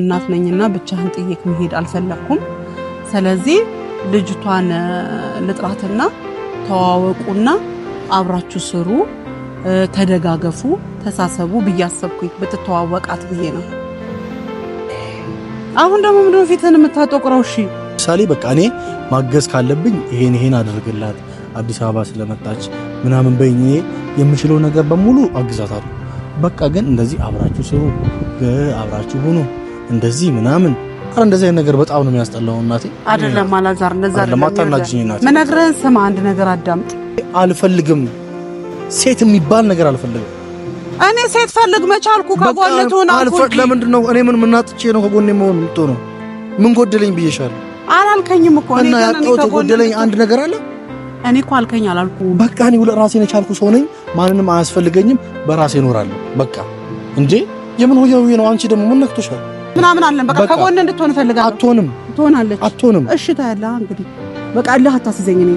እናት ነኝና ብቻህን ጥዬክ መሄድ አልፈለግኩም። ስለዚህ ልጅቷን ልጥራትና ተዋወቁና አብራችሁ ስሩ፣ ተደጋገፉ፣ ተሳሰቡ ብያሰብኩኝ ብትተዋወቃት ብዬ ነው። አሁን ደግሞ ምንድን ነው ፊትህን የምታጠቁረው? እሺ ምሳሌ በቃ እኔ ማገዝ ካለብኝ ይሄን ይሄን አድርግላት አዲስ አበባ ስለመጣች ምናምን በይኝ የምችለው ነገር በሙሉ አግዛታለሁ። በቃ ግን እንደዚህ አብራችሁ ስሩ፣ አብራችሁ ሁኑ እንደዚህ ምናምን አረ እንደዚህ አይነት ነገር በጣም ነው የሚያስጠላው። እናቴ አይደለም አላዛር፣ እንደዛ አይደለም። አታናጅኝ እናቴ። መነግረን ስማ፣ አንድ ነገር አዳምጥ። አልፈልግም፣ ሴት የሚባል ነገር አልፈልግም። እኔ ሴት ፈልግ መቻልኩ ከጎንቱ ነው አልፈልግ። ለምንድን ነው እኔ ምን ምናጥቼ ነው ከጎኔ መሆን ነው ምን ጎደለኝ ብዬሻለሁ? አላልከኝም እኮ እኔ ያጣሁት የጎደለኝ አንድ ነገር አለ። እኔ እኮ አልከኝ አላልኩ። በቃ እኔ ራሴን የቻልኩ ሰው ነኝ። ማንንም አያስፈልገኝም። በራሴ እኖራለሁ። በቃ እንዴ! የምን ሆያው ነው? አንቺ ደግሞ ምን ነክቶሻል? ምናምን አለን። በቃ ከጎን እንድትሆን እፈልጋለሁ። አትሆንም። ትሆናለች። አትሆንም። እሺ ታያለህ። እንግዲህ በቃ እልህ አታስይዘኝ። እኔ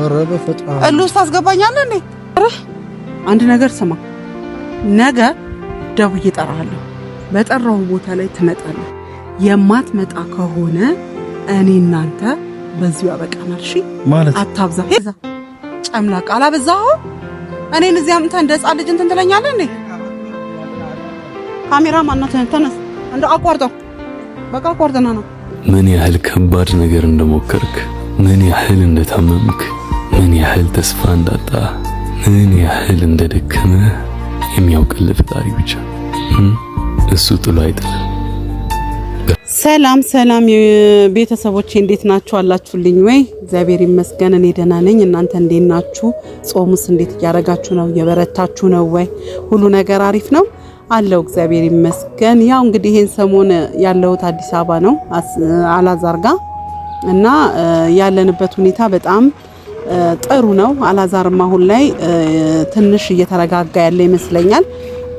ኧረ በፈጣሪ እልህ ውስጥ ታስገባኛለህ እንዴ? ኧረ አንድ ነገር ስማ፣ ነገ ደውዬ እጠራሃለሁ። በጠራው ቦታ ላይ ትመጣለህ። የማትመጣ ከሆነ እኔ እናንተ በዚሁ ያበቃናል። እሺ ማለት አታብዛ። ጨምላቃ አላበዛኸው። እኔን እዚህ አምጥተህ እንደ ሕፃን ልጅ እንትን ትለኛለህ እንዴ? ካሜራ ማናት? ተነስ እንደ አቋርጠው በቃ አቋርጠና ነው። ምን ያህል ከባድ ነገር እንደሞከርክ፣ ምን ያህል እንደታመምክ፣ ምን ያህል ተስፋ እንዳጣ፣ ምን ያህል እንደደከመ የሚያውቅልህ ፈጣሪ ብቻ እሱ ጥሎ አይጥልም። ሰላም ሰላም ቤተሰቦቼ እንዴት ናችሁ? አላችሁልኝ ወይ? እግዚአብሔር ይመስገን እኔ ደህና ነኝ። እናንተ እንዴት ናችሁ? ጾሙስ እንዴት እያደረጋችሁ ነው? እየበረታችሁ ነው ወይ? ሁሉ ነገር አሪፍ ነው? አለው እግዚአብሔር ይመስገን። ያው እንግዲህ ይሄን ሰሞን ያለሁት አዲስ አበባ ነው አላዛር ጋር እና ያለንበት ሁኔታ በጣም ጥሩ ነው። አላዛርም አሁን ላይ ትንሽ እየተረጋጋ ያለ ይመስለኛል።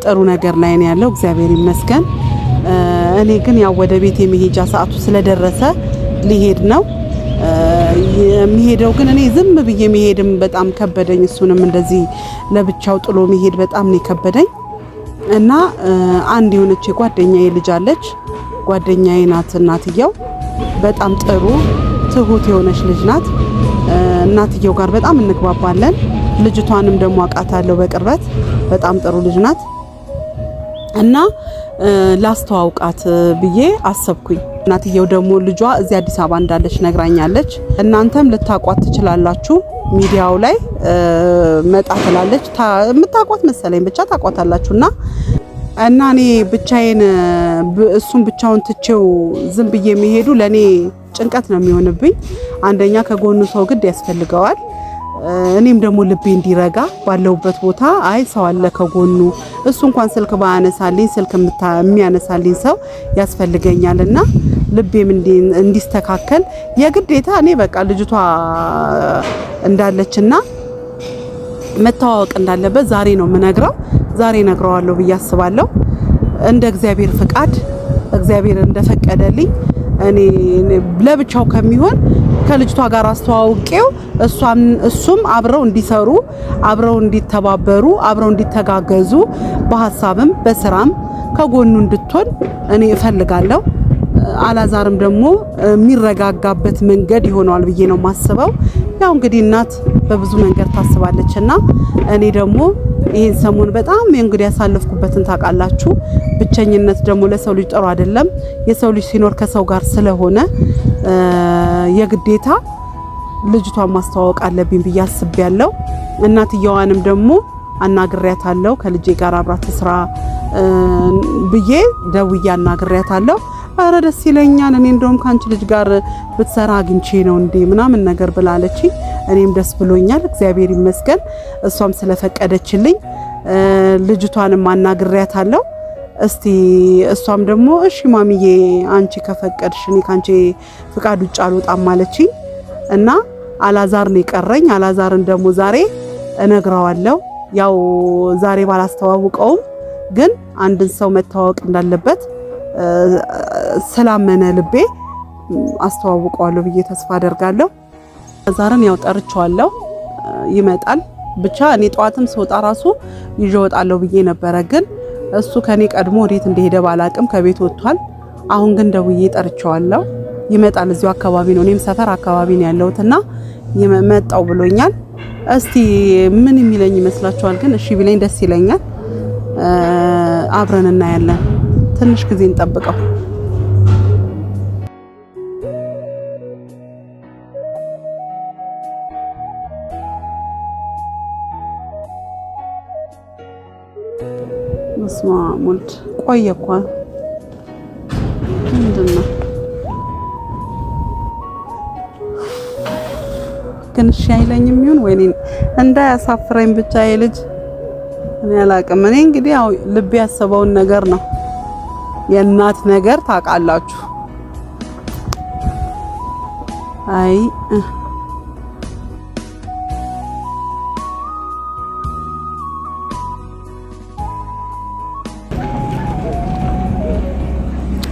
ጥሩ ነገር ላይ ነው ያለው እግዚአብሔር ይመስገን። እኔ ግን ያው ወደ ቤት የመሄጃ ሰዓቱ ስለደረሰ ሊሄድ ነው የሚሄደው ግን እኔ ዝም ብዬ መሄድም በጣም ከበደኝ። እሱንም እንደዚህ ለብቻው ጥሎ መሄድ በጣም ነው የከበደኝ። እና አንድ የሆነች የጓደኛዬ ልጅ አለች። ጓደኛዬ ናት እናትየው። በጣም ጥሩ ትሁት የሆነች ልጅ ናት። እናትየው ጋር በጣም እንግባባለን። ልጅቷንም ደግሞ አውቃታለሁ በቅርበት። በጣም ጥሩ ልጅ ናት። እና ላስተዋውቃት ብዬ አሰብኩኝ። እናትየው ደግሞ ልጇ እዚህ አዲስ አበባ እንዳለች ነግራኛለች። እናንተም ልታቋት ትችላላችሁ፣ ሚዲያው ላይ መጣ ትላለች። የምታቋት መሰለኝ ብቻ ታቋታላችሁ። እና እና እኔ ብቻዬን እሱን ብቻውን ትቼው ዝም ብዬ የሚሄዱ ለእኔ ጭንቀት ነው የሚሆንብኝ። አንደኛ ከጎኑ ሰው ግድ ያስፈልገዋል እኔም ደግሞ ልቤ እንዲረጋ ባለሁበት ቦታ አይ ሰው አለ ከጎኑ እሱ እንኳን ስልክ ባያነሳልኝ ስልክ የሚያነሳልኝ ሰው ያስፈልገኛል እና ልቤም እንዲስተካከል የግዴታ እኔ በቃ ልጅቷ እንዳለችና መተዋወቅ እንዳለበት ዛሬ ነው የምነግረው። ዛሬ ነግረዋለሁ ብዬ አስባለሁ። እንደ እግዚአብሔር ፍቃድ እግዚአብሔር እንደፈቀደልኝ እኔ ለብቻው ከሚሆን ከልጅቷ ጋር አስተዋውቄው እሱም አብረው እንዲሰሩ አብረው እንዲተባበሩ አብረው እንዲተጋገዙ በሀሳብም በስራም ከጎኑ እንድትሆን እኔ እፈልጋለሁ። አላዛርም ደግሞ የሚረጋጋበት መንገድ ይሆነዋል ብዬ ነው የማስበው። ያው እንግዲህ እናት በብዙ መንገድ ታስባለች እና እኔ ደግሞ ይህን ሰሞን በጣም እንግዲህ ያሳለፍኩበትን ታውቃላችሁ። ብቸኝነት ደግሞ ለሰው ልጅ ጥሩ አይደለም። የሰው ልጅ ሲኖር ከሰው ጋር ስለሆነ የግዴታ ልጅቷን ማስተዋወቅ አለብኝ ብዬ አስቤያለሁ። እናትየዋንም ደግሞ አናግሬያታለሁ። ከልጄ ጋር አብራት ስራ ብዬ ደውዬ አናግሬያታለሁ። አረ ደስ ይለኛል፣ እኔ እንደውም ከአንቺ ልጅ ጋር ብትሰራ አግኝቼ ነው እንዴ ምናምን ነገር ብላለች። እኔም ደስ ብሎኛል፣ እግዚአብሔር ይመስገን። እሷም ስለፈቀደችልኝ ልጅቷንም አናግሬያታለሁ። እስቲ እሷም ደግሞ እሺ ማሚዬ አንቺ ከፈቀድሽ እኔ ከአንቺ ፍቃድ ውጭ አልወጣም አለችኝ እና አላዛር ነው የቀረኝ። አላዛርን ደግሞ ዛሬ እነግረዋለሁ። ያው ዛሬ ባላስተዋውቀውም ግን አንድን ሰው መተዋወቅ እንዳለበት ስላመነ ልቤ አስተዋውቀዋለሁ ብዬ ተስፋ አደርጋለሁ። አላዛርን ያው ጠርቸዋለሁ፣ ይመጣል። ብቻ እኔ ጠዋትም ስወጣ ራሱ ይዤ እወጣለሁ ብዬ ነበረ ግን እሱ ከኔ ቀድሞ ወዴት እንደሄደ ባላቅም ከቤት ወጥቷል። አሁን ግን ደውዬ ጠርቸዋለሁ። ይመጣል። እዚሁ አካባቢ ነው፣ እኔም ሰፈር አካባቢ ነው ያለሁትና መጣው ብሎኛል። እስቲ ምን የሚለኝ ይመስላችኋል? ግን እሺ ቢለኝ ደስ ይለኛል። አብረን እናያለን። ትንሽ ጊዜ እንጠብቀው። በስመ አብ ወልድ ቆየ እኮ ምንድን ነው ግን? እሺ አይለኝም ይሁን ወይኔ እንዳያሳፍረኝ ብቻ የልጅ እኔ አላቅም። እኔ እንግዲህ ያው ልብ ያሰበውን ነገር ነው። የእናት ነገር ታውቃላችሁ። አይ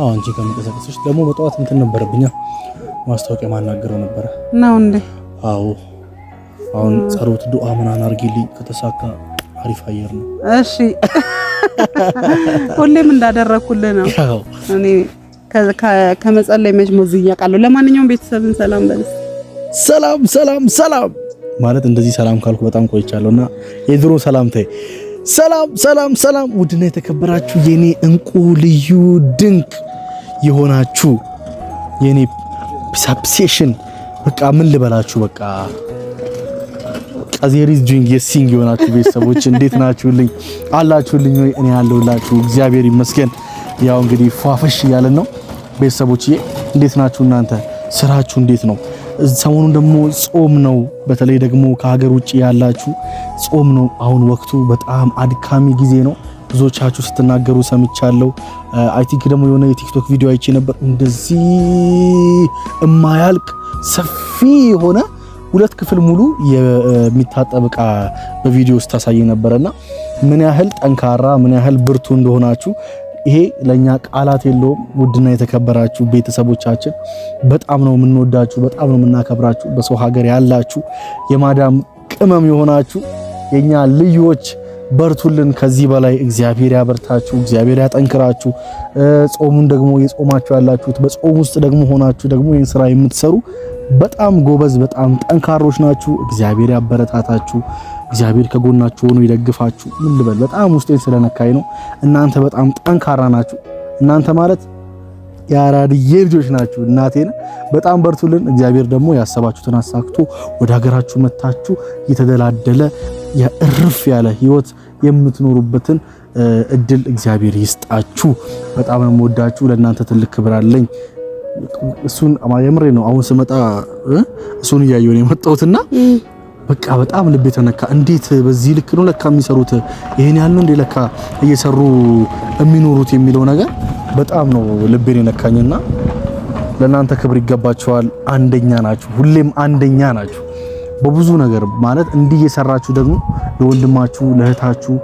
አዎ አንቺ ከመንቀሳቀስሽ ደግሞ በጠዋት እንትን ነበረብኛ ማስታወቂያ ማናገረው ነበረ ነው እንዴ? አዎ አሁን ጸሎት ዱአ ምናምን አድርጊልኝ ከተሳካ አሪፍ አየር ነው። እሺ ሁሌም እንዳደረግኩልህ ነው። እኔ ከመጸለይ መች ሞዝያ ቃለሁ። ለማንኛውም ቤተሰብን ሰላም በል። ሰላም ሰላም ሰላም ማለት እንደዚህ ሰላም ካልኩ በጣም ቆይቻለሁና የድሮ ሰላምታዬ ሰላም ሰላም ሰላም! ውድና የተከበራችሁ የኔ እንቁ ልዩ ድንቅ የሆናችሁ የኔ ፒሳፕሴሽን በቃ ምን ልበላችሁ፣ በቃ ቃዜሪዝ ጁንግ የሲንግ የሆናችሁ ቤተሰቦች እንዴት ናችሁልኝ? አላችሁልኝ ወይ? እኔ ያለሁላችሁ እግዚአብሔር ይመስገን። ያው እንግዲህ ፏፈሽ እያለን ነው ቤተሰቦችዬ። እንዴት ናችሁ እናንተ? ስራችሁ እንዴት ነው? ሰሞኑን ደግሞ ጾም ነው። በተለይ ደግሞ ከሀገር ውጭ ያላችሁ ጾም ነው። አሁን ወቅቱ በጣም አድካሚ ጊዜ ነው። ብዙዎቻችሁ ስትናገሩ ሰምቻለሁ። አይ ቲንክ ደግሞ የሆነ የቲክቶክ ቪዲዮ አይቼ ነበር። እንደዚህ እማያልቅ ሰፊ የሆነ ሁለት ክፍል ሙሉ የሚታጠብ ውስጥ በቪዲዮ ስታሳይ ነበረና ምን ያህል ጠንካራ ምን ያህል ብርቱ እንደሆናችሁ ይሄ ለኛ ቃላት የለውም። ውድና የተከበራችሁ ቤተሰቦቻችን በጣም ነው የምንወዳችሁ፣ በጣም ነው የምናከብራችሁ። በሰው ሀገር ያላችሁ የማዳም ቅመም የሆናችሁ የኛ ልዮች በርቱልን። ከዚህ በላይ እግዚአብሔር ያበርታችሁ፣ እግዚአብሔር ያጠንክራችሁ። ጾሙን ደግሞ የጾማችሁ ያላችሁት በጾም ውስጥ ደግሞ ሆናችሁ ደግሞ ይህን ስራ የምትሰሩ በጣም ጎበዝ፣ በጣም ጠንካሮች ናችሁ። እግዚአብሔር ያበረታታችሁ። እግዚአብሔር ከጎናችሁ ሆኖ ይደግፋችሁ። ምን ልበል፣ በጣም ውስጤን ስለነካኝ ነው። እናንተ በጣም ጠንካራ ናችሁ። እናንተ ማለት የአራድዬ ልጆች ናችሁ። እናቴን በጣም በርቱልን። እግዚአብሔር ደግሞ ያሰባችሁትን አሳክቶ ወደ ሀገራችሁ መታችሁ የተደላደለ የእርፍ ያለ ህይወት የምትኖሩበትን እድል እግዚአብሔር ይስጣችሁ። በጣም የምወዳችሁ ለእናንተ ትልቅ ክብር አለኝ። እሱን የምሬ ነው። አሁን ስመጣ እሱን እያየሁ ነው የመጣሁትና በቃ በጣም ልቤ ተነካ። እንዴት በዚህ ልክ ነው ለካ የሚሰሩት ይሄን ያህል ነው እንዴ ለካ እየሰሩ የሚኖሩት የሚለው ነገር በጣም ነው ልቤን የነካኝና ለእናንተ ክብር ይገባቸዋል። አንደኛ ናችሁ፣ ሁሌም አንደኛ ናችሁ በብዙ ነገር ማለት እንዲህ እየሰራችሁ ደግሞ ለወንድማችሁ ለእህታችሁ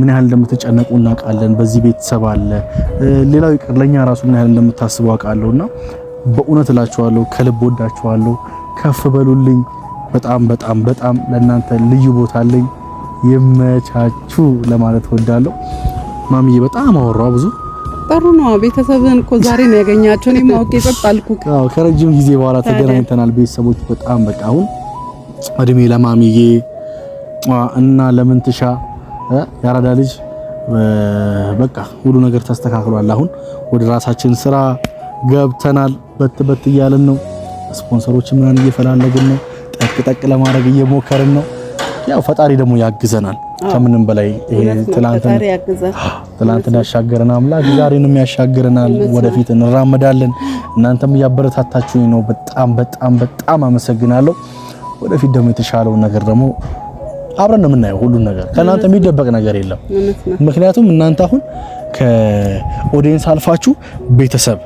ምን ያህል እንደምትጨነቁ እናውቃለን። በዚህ ቤተሰብ አለ። ሌላው ይቅር ለኛ ራሱ ምን ያህል እንደምታስቡ አውቃለሁና በእውነት እላችኋለሁ፣ ከልብ ወዳችኋለሁ። ከፍ በሉልኝ። በጣም በጣም በጣም ለእናንተ ልዩ ቦታ አለኝ። ይመቻችሁ ለማለት ወዳለሁ ማሚዬ በጣም አወራሁ ብዙ ጥሩ ነው። ቤተሰብን እኮ ዛሬ ነው ያገኛቸው። እኔም አውቄ ጸጥ አልኩ። አዎ ከረጅም ጊዜ በኋላ ተገናኝተናል። ቤተሰቦች በጣም በቃ አሁን እድሜ ለማሚዬ እና ለምንትሻ ያራዳ ልጅ በቃ ሁሉ ነገር ተስተካክሏል። አሁን ወደ ራሳችን ስራ ገብተናል። በት በት እያልን ነው። ስፖንሰሮች ምናምን እየፈላለግን ነው። ጠቅጠቅ ለማድረግ እየሞከርን ነው። ያው ፈጣሪ ደግሞ ያግዘናል ከምንም በላይ ይሄ ትላንትን ያሻገረን አምላክ ዛሬንም ያሻገረናል። ወደፊት እንራመዳለን። እናንተም እያበረታታችሁኝ ነው። በጣም በጣም በጣም አመሰግናለሁ። ወደፊት ደግሞ የተሻለውን ነገር ደግሞ አብረን ነው የምናየው። ሁሉን ነገር ከእናንተ የሚደበቅ ነገር የለም። ምክንያቱም እናንተ አሁን ከኦዲየንስ አልፋችሁ ቤተሰብ፣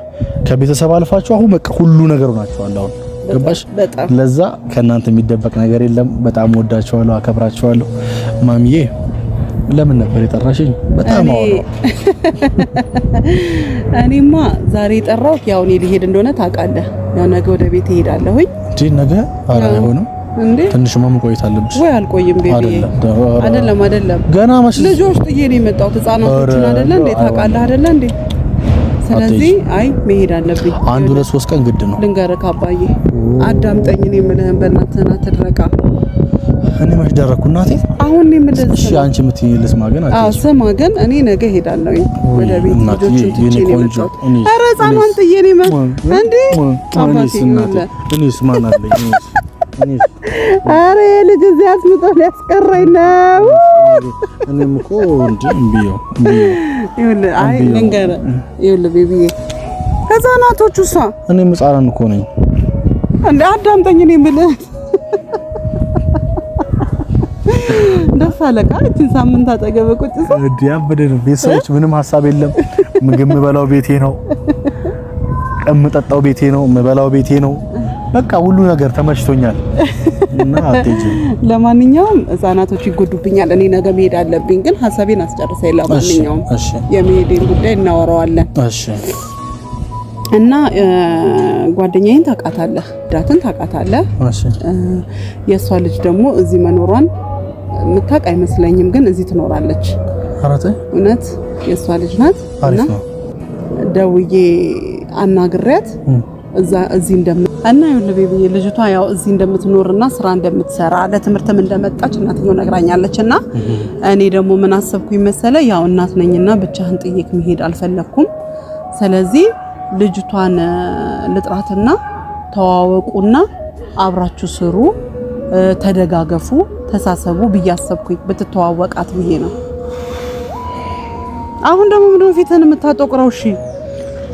ከቤተሰብ አልፋችሁ አሁን በቃ ሁሉ ነገር ሆናችኋል አሁን ገባሽ? ለዛ ከእናንተ የሚደበቅ ነገር የለም። በጣም ወዳቸዋለሁ፣ አከብራቸዋለሁ። ማሚዬ ለምን ነበር የጠራሽኝ? በጣም አወራ። እኔማ ዛሬ የጠራው ያው እኔ ሊሄድ እንደሆነ ታውቃለህ። ያው ነገ ወደ ቤት እሄዳለሁኝ። እንዴ ነገ? ኧረ አይሆንም እንዴ ትንሽ መቆየት አለብሽ ወይ? አልቆይም። ቤቢ አይደለም አይደለም፣ ገና ልጆች ጥዬ ነው የመጣሁት። ህጻናቶችን አይደለ እንዴ ታውቃለህ አይደለ እንዴ ስለዚህ አይ መሄድ አለብኝ። አንድ ሁለት ሶስት ቀን ግድ ነው። ልንገርህ አባዬ አዳምጠኝ፣ እኔ የምልህን በእናትህ ና እኔ መች ደረኩ እናቴ? አሁን የምልህ እሺ፣ አንቺ የምትይኝ ልስማ ግን። አዎ ስማ ግን እኔ ነገ እሄዳለሁ ወደ ቤት ልጆቹን ትቼ ነው የመጣሁት። ኧረ ሕፃኗን ጥዬ ነው የመጣሁት እንዴ አባቴ። እኔስ ማን አለኝ አረ ልጅ እዚህ አስምጦ ሊያስቀረኝ ነው። እኔም እኮ እንዴ እንብዮ ይኸውልህ፣ አይ ልንገርህ፣ ይኸውልህ ቤቢዬ፣ ህፃናቶቹ እሷ እኔም ህፃናን እኮ ነኝ። እንደ አዳምጠኝ፣ እኔ የምልህ ደስ አለቃ እቺን ሳምንት አጠገበ ቁጭ ሰው እንዴ አበደ ነው። ቤተሰቦች ምንም ሀሳብ የለም። ምግብ የምበላው ቤቴ ነው፣ የምጠጣው ቤቴ ነው፣ የምበላው ቤቴ ነው በቃ ሁሉ ነገር ተመችቶኛል እና ለማንኛውም ህጻናቶች ይጎዱብኛል። እኔ ነገ መሄድ አለብኝ፣ ግን ሀሳቤን አስጨርሰኝ። ለማንኛውም የመሄዴን ጉዳይ እናወራዋለን። እሺ እና ጓደኛዬን ታውቃታለህ፣ ዳትን ታውቃታለህ። የእሷ ልጅ ደግሞ እዚህ መኖሯን የምታውቅ አይመስለኝም፣ ግን እዚህ ትኖራለች። እውነት የእሷ ልጅ ናት። እና ደውዬ አናግሪያት እዚህ እንደም እና ይኸውልህ ቤቢዬ ልጅቷ ያው እዚህ እንደምትኖርና ስራ እንደምትሰራ ለትምህርትም እንደመጣች እናትየው ነግራኛለች። እና እኔ ደግሞ ምን አሰብኩኝ መሰለ ያው እናት ነኝና ብቻህን ጥዬክ መሄድ አልፈለኩም። ስለዚህ ልጅቷን ልጥራትና ተዋወቁና አብራችሁ ስሩ፣ ተደጋገፉ፣ ተሳሰቡ ብዬ አሰብኩኝ ብትተዋወቃት ብዬ ነው። አሁን ደግሞ ምንድነው ፊትህን የምታጠቁረው? እሺ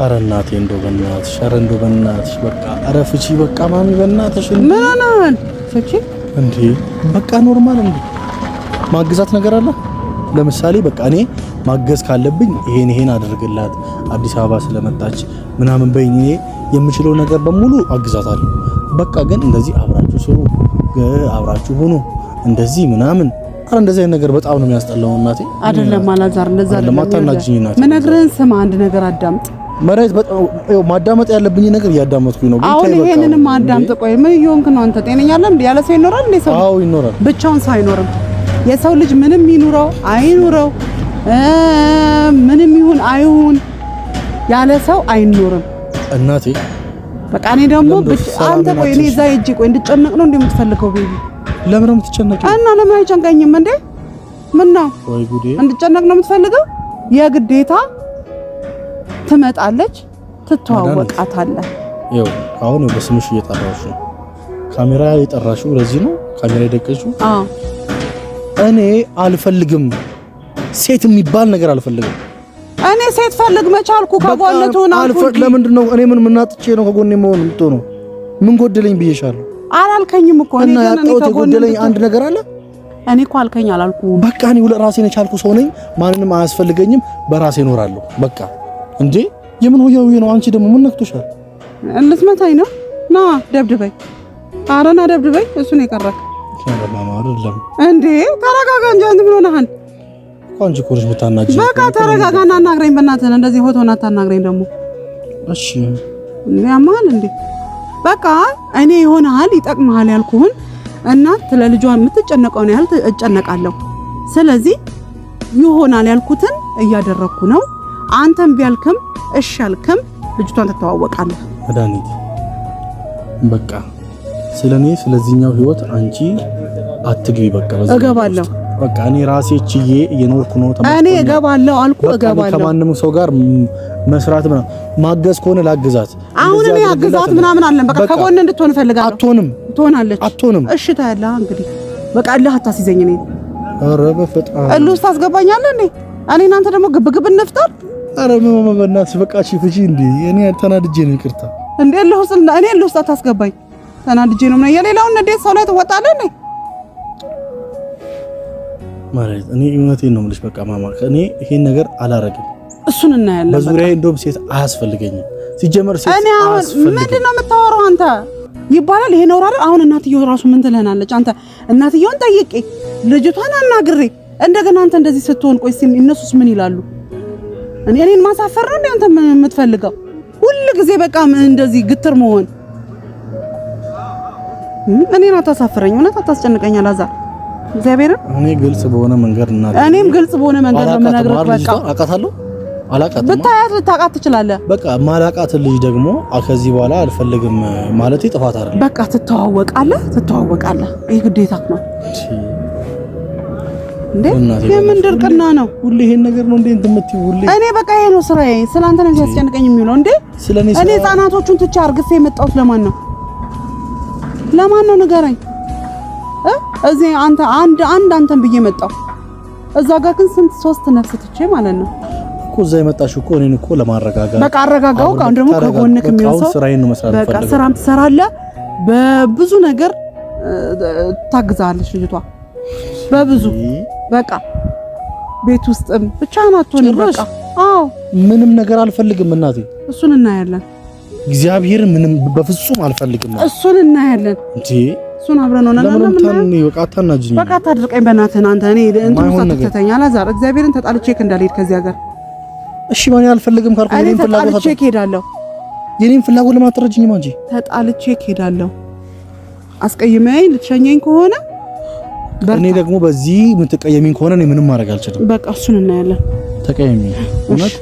ኧረ እናቴ እንደው በእናትሽ፣ ኧረ እንደው በእናትሽ በቃ ኧረ ፍቺ በቃ ማሚ በእናትሽ። ምን ሆነን ፍቺ እንዴ? በቃ ኖርማል እንዴ? ማግዛት ነገር አለ። ለምሳሌ በቃ እኔ ማገዝ ካለብኝ ይሄን ይሄን አድርግላት፣ አዲስ አበባ ስለመጣች ምናምን በይ፣ እኔ የምችለው ነገር በሙሉ አግዛታለሁ። በቃ ግን እንደዚህ አብራችሁ ስሩ፣ አብራችሁ ሆኖ እንደዚህ ምናምን አረ እንደዚህ አይነት ነገር በጣም ነው የሚያስጠላው። እናቴ አይደለም አላዛር፣ እንደዛ አይደለም። አታናጅኝ እናቴ። ምነግርህን ስማ፣ አንድ ነገር አዳምጥ መሬት ማዳመጥ ያለብኝ ነገር እያዳመጥኩኝ ነው። አሁን ይሄንን አዳምጥ። ቆይ ምን እየሆንክ ነው አንተ? ጤነኛ እንዴ? ያለ ሰው ይኖራል እንዴ? ሰው አዎ ይኖራል፣ ብቻውን ሰው አይኖርም። የሰው ልጅ ምንም ይኑረው አይኑረው፣ ምንም ይሁን አይሁን፣ ያለ ሰው አይኖርም እናቴ። በቃ እኔ ደግሞ አንተ ቆይ እኔ እዛ ሂጅ። ቆይ እንድጨነቅ ነው እንዴ የምትፈልገው? ቤቢ ለምን ነው የምትጨነቀው? እና ለምን አይጨንቀኝም እንዴ? ምን ነው ወይ ጉዴ፣ እንድጨነቅ ነው የምትፈልገው? የግዴታ ትመጣለች፣ ትተዋወቃታለህ። ይኸው አሁን በስምሽ እየጠራሁሽ ነው። ካሜራ የጠራሽው ለዚህ ነው። ካሜራ የደቀችው እኔ አልፈልግም። ሴት የሚባል ነገር አልፈልግም። እኔ ሴት ፈልግ መቻልኩ ከጎንቱ ነው ለምንድን ነው እኔ ምን ምናጥቼ ነው ከጎኔ መሆን የምትሆነው? ምን ጎደለኝ ብዬሻለሁ? አላልከኝም እኮ እኔ ያጣሁት የጎደለኝ አንድ ነገር አለ። እኔ እኮ አልከኝ አላልኩ። በቃ እኔ ራሴን የቻልኩ ሰው ነኝ። ማንንም አያስፈልገኝም። በራሴ እኖራለሁ በቃ እንዴ የምን ሆያው ነው? አንቺ ደግሞ ምን ነክቶሻል? ልትመታኝ ነው? ና ደብድበኝ። ኧረ ና ደብድበኝ። እሱ ነው አይደለም እንዴ? ተረጋጋ እንጂ አንተ ምን ሆነሃል? አንቺ እኮ ልጅ ምታናጂ። በቃ ተረጋጋና አናግረኝ በእናትህ። እንደዚህ ሆቶ ና ታናግረኝ ደግሞ። እሺ ያማል እንዴ? በቃ እኔ ይሆናል ይጠቅምሃል ያልኩህን እናት ለልጇ የምትጨነቀውን ያህል እጨነቃለሁ። ስለዚህ ይሆናል ያልኩትን እያደረግኩ ነው አንተም ቢያልክም እሺ አልክም፣ ልጅቷን ትተዋወቃለህ። መድኃኒት በቃ ስለ እኔ ስለዚህኛው ህይወት አንቺ አትግቢ። በቃ እገባለሁ። በቃ እኔ ራሴ ችዬ እየኖርኩ ነው። እኔ እገባለሁ አልኩ፣ እገባለሁ። ከማንም ሰው ጋር መስራት ማገዝ ከሆነ ላግዛት። አሁን እኔ አግዛት ምናምን አለን። በቃ ከጎን እንድትሆን እፈልጋለሁ። አትሆንም፣ ትሆናለች፣ አትሆንም። እሺ ታያለህ። እንግዲህ በቃ እልህ አታስይዘኝ። እኔ ኧረ በፈጣሪ እልህ ውስጥ አስገባኛለህ። እኔ እኔ እናንተ ደግሞ ግብግብ እንፍጠር። አረ እማማ በእናትሽ በቃሽ ፍቺ እንዴ እኔ ተናድጄ ነው ይቅርታ እንዴ ያለው ውስጥ እኔ ያለው ውስጥ አታስገባኝ ተናድጄ ነው ምናምን የሌላውን እንዴት ሰው ላይ ትወጣለህ እንዴ ማለት እኔ እውነቴን ነው የምልሽ በቃ እማማ እኔ ይሄን ነገር አላረግም እሱን እናያለን በዙሪያ እንደውም ሴት አያስፈልገኝም ሲጀመር ሴት አያስፈልገኝም ምንድን ነው የምታወራው አንተ ይባላል ይሄ ነው አይደል አሁን እናትየው ራሱ ምን ትለናለች አንተ እናትየውን ጠይቄ ልጅቷን አናግሬ እንደገና አንተ እንደዚህ ስትሆን ቆይ እነሱስ ምን ይላሉ እኔ እኔን ማሳፈር ነው አንተ የምትፈልገው? ሁል ጊዜ በቃ እንደዚህ ግትር መሆን እኔን አታሳፍረኝ። እውነት አታስጨንቀኝ አላዛር። እግዚአብሔርን እኔ ግልጽ በሆነ መንገድ እና እኔም ግልጽ በሆነ መንገድ ነው የምነግርህ። በቃ አውቃታለሁ። አላቃት ብታያት ልታውቃት ትችላለህ። በቃ ማላቃት ልጅ ደግሞ ከዚህ በኋላ አልፈልግም ማለት ጥፋት አይደለም። በቃ ትተዋወቃለህ፣ ትተዋወቃለህ። ይህ ግዴታ ነው። የምን ድርቅና ነው? ሁሌ ይሄን ነገር ነው እንዴ እንትምትይ? ሁሌ እኔ በቃ ይሄ ነው ስራዬ። ስላንተ ነው ሲያስጨንቀኝ የሚውለው እንዴ። እኔ ህጻናቶቹን ትቼ አርግፌ የመጣሁት ለማን ነው? ለማን ነው ንገረኝ። እዚህ አንተ አንድ አንድ አንተን ብዬ መጣሁ። እዛ ጋር ግን ስንት ሶስት ነፍስ ትቼ ማለት ነው እኮ እዛ የመጣሽው እኮ እኔን እኮ ለማረጋጋት በቃ አረጋጋው። አሁን ደግሞ ከጎንክ የሚለው ሰው በቃ ስራም ትሰራለህ፣ በብዙ ነገር ታግዛለች ልጅቷ በብዙ በቃ ቤት ውስጥም ብቻ ናቶን በቃ አዎ፣ ምንም ነገር አልፈልግም እናቴ። እሱን እናያለን። እግዚአብሔር ምንም በፍጹም አልፈልግም። እሱን እናያለን እንዴ እሱን አብረን ሆነን ለምን ታን በቃ አታናጅኝ፣ በቃ አታድርቀኝ፣ በእናትህ አንተ። እኔ እንትን ሳትተኛ አላዛር፣ እግዚአብሔርን ተጣልቼክ እንዳልሄድ ከዚህ ሀገር እሺ። ማን አልፈልግም ካልኩ እኔን ፍላጎት ተጣልቼክ ሄዳለሁ። የኔን ፍላጎት ለማትረጅኝ ማንጂ ተጣልቼ ሄዳለሁ። አስቀይመኝ ልትሸኘኝ ከሆነ እኔ ደግሞ በዚህ የምትቀየሚኝ ከሆነ እኔ ምንም ማድረግ አልችልም። በቃ እሱን እናያለን። ተቀየሚ እውነት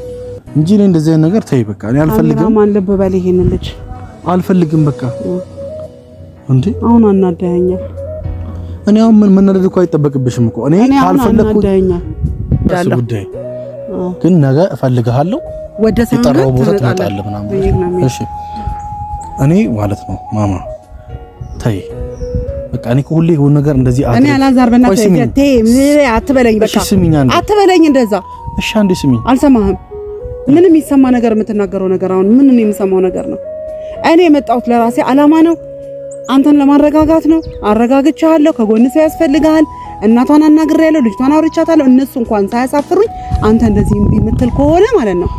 እንጂ እኔ እንደዚህ አይነት ነገር ተይ በቃ እኔ አልፈልግም። አማን ልብ በል ይሄን ልጅ አልፈልግም። በቃ እንዴ አሁን አናዳኛል። እኔ አሁን ምን መናደድ እኮ አይጠበቅብሽም እኮ እኔ ካልፈለኩ እሱ ጉዳይ ግን ነገ እፈልግሃለሁ። ወደ የጠራው ቦታ ትመጣለህ ምናምን እሺ። እኔ ማለት ነው ማማ ተይ በቃ እኔ ሁሌ የሆነ ነገር እንደዚህ እኔ አላዛር በእናትህ አትበለኝ፣ በቃ አትበለኝ እንደዛ። እሺ አንዴ ስሚኝ፣ አልሰማህም? ምን የሚሰማ ነገር የምትናገረው ነገር አሁን ምን ነው የሚሰማው ነገር ነው? እኔ የመጣሁት ለራሴ አላማ ነው፣ አንተን ለማረጋጋት ነው። አረጋግቻለሁ። ከጎን ሰው ያስፈልግሃል። እናቷን አናግሬያለሁ፣ ልጅቷን አውርቻታለሁ። እነሱ እንኳን ሳያሳፍሩኝ አንተ እንደዚህ የምትል ከሆነ ማለት ነው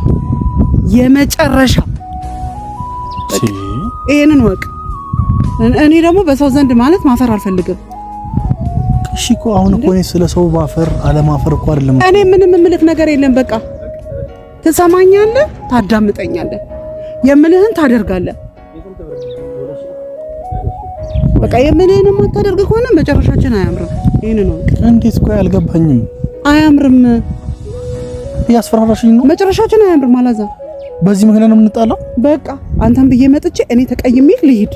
የመጨረሻ ይሄንን ወቅ እኔ ደግሞ በሰው ዘንድ ማለት ማፈር አልፈልግም። እሺ እኮ አሁን እኮ እኔ ስለ ሰው ማፈር አለማፈር እኮ አይደለም። እኔ ምንም የምልህ ነገር የለም። በቃ ትሰማኛለህ፣ ታዳምጠኛለህ፣ የምልህን ታደርጋለህ። በቃ የምልህን የማታደርግ ከሆነ መጨረሻችን አያምርም። ይሄን ነው እንዴት? እኮ አልገባኝም። አያምርም ያስፈራራሽኝ ነው። መጨረሻችን አያምርም። አላዛ በዚህ ምክንያት ነው የምንጣለው። በቃ አንተም ብዬ መጥቼ እኔ ተቀይሜ ልሂድ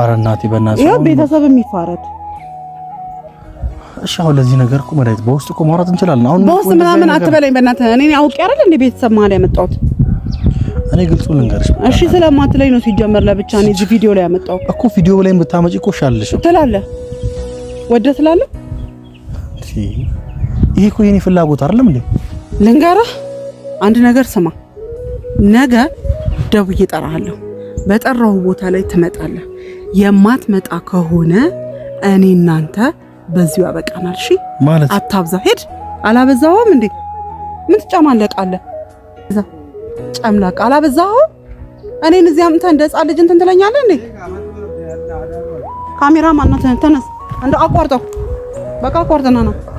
ኧረ እናቴ በእናትሽ ይኸው ቤተሰብ የሚፋረድ እሺ አሁን ለዚህ ነገር እኮ መድኃኒት በውስጥ እኮ ማውራት እንችላለን። አሁን በውስጥ ምናምን አትበለኝ በእናትህ። እኔ አውቄ አይደል እንደ ቤተሰብ መሀል ያመጣሁት። እኔ ግልጹ ልንገርሽ፣ እሺ ስለማትለኝ ነው ሲጀመር ለብቻ እኔ እዚህ ቪዲዮ ላይ ያመጣሁት እኮ። ቪዲዮ ላይ ብታመጪ እኮ ሻልሽ ትላለህ፣ ወደ ትላለህ። ይሄ እኮ የኔ ፍላጎት አይደለም እንዴ። ልንገርህ አንድ ነገር ስማ፣ ነገ ደውዬ እጠራሃለሁ። በጠራሁ ቦታ ላይ ትመጣለህ የማትመጣ ከሆነ እኔ እናንተ በዚሁ ያበቃናል። እሺ ማለት አታብዛ። ሄድ አላበዛውም እንዴ? ምን ትጨማለቃለህ? እዛ ጨምላቅ አላበዛውም። እኔን እዚህ አምጥተህ እንደ ሕፃን ልጅ እንትን ትለኛለህ እንዴ? ካሜራ ማን ነው? ተነስ፣ እንደው አቋርጠው። በቃ አቋርጥና ነው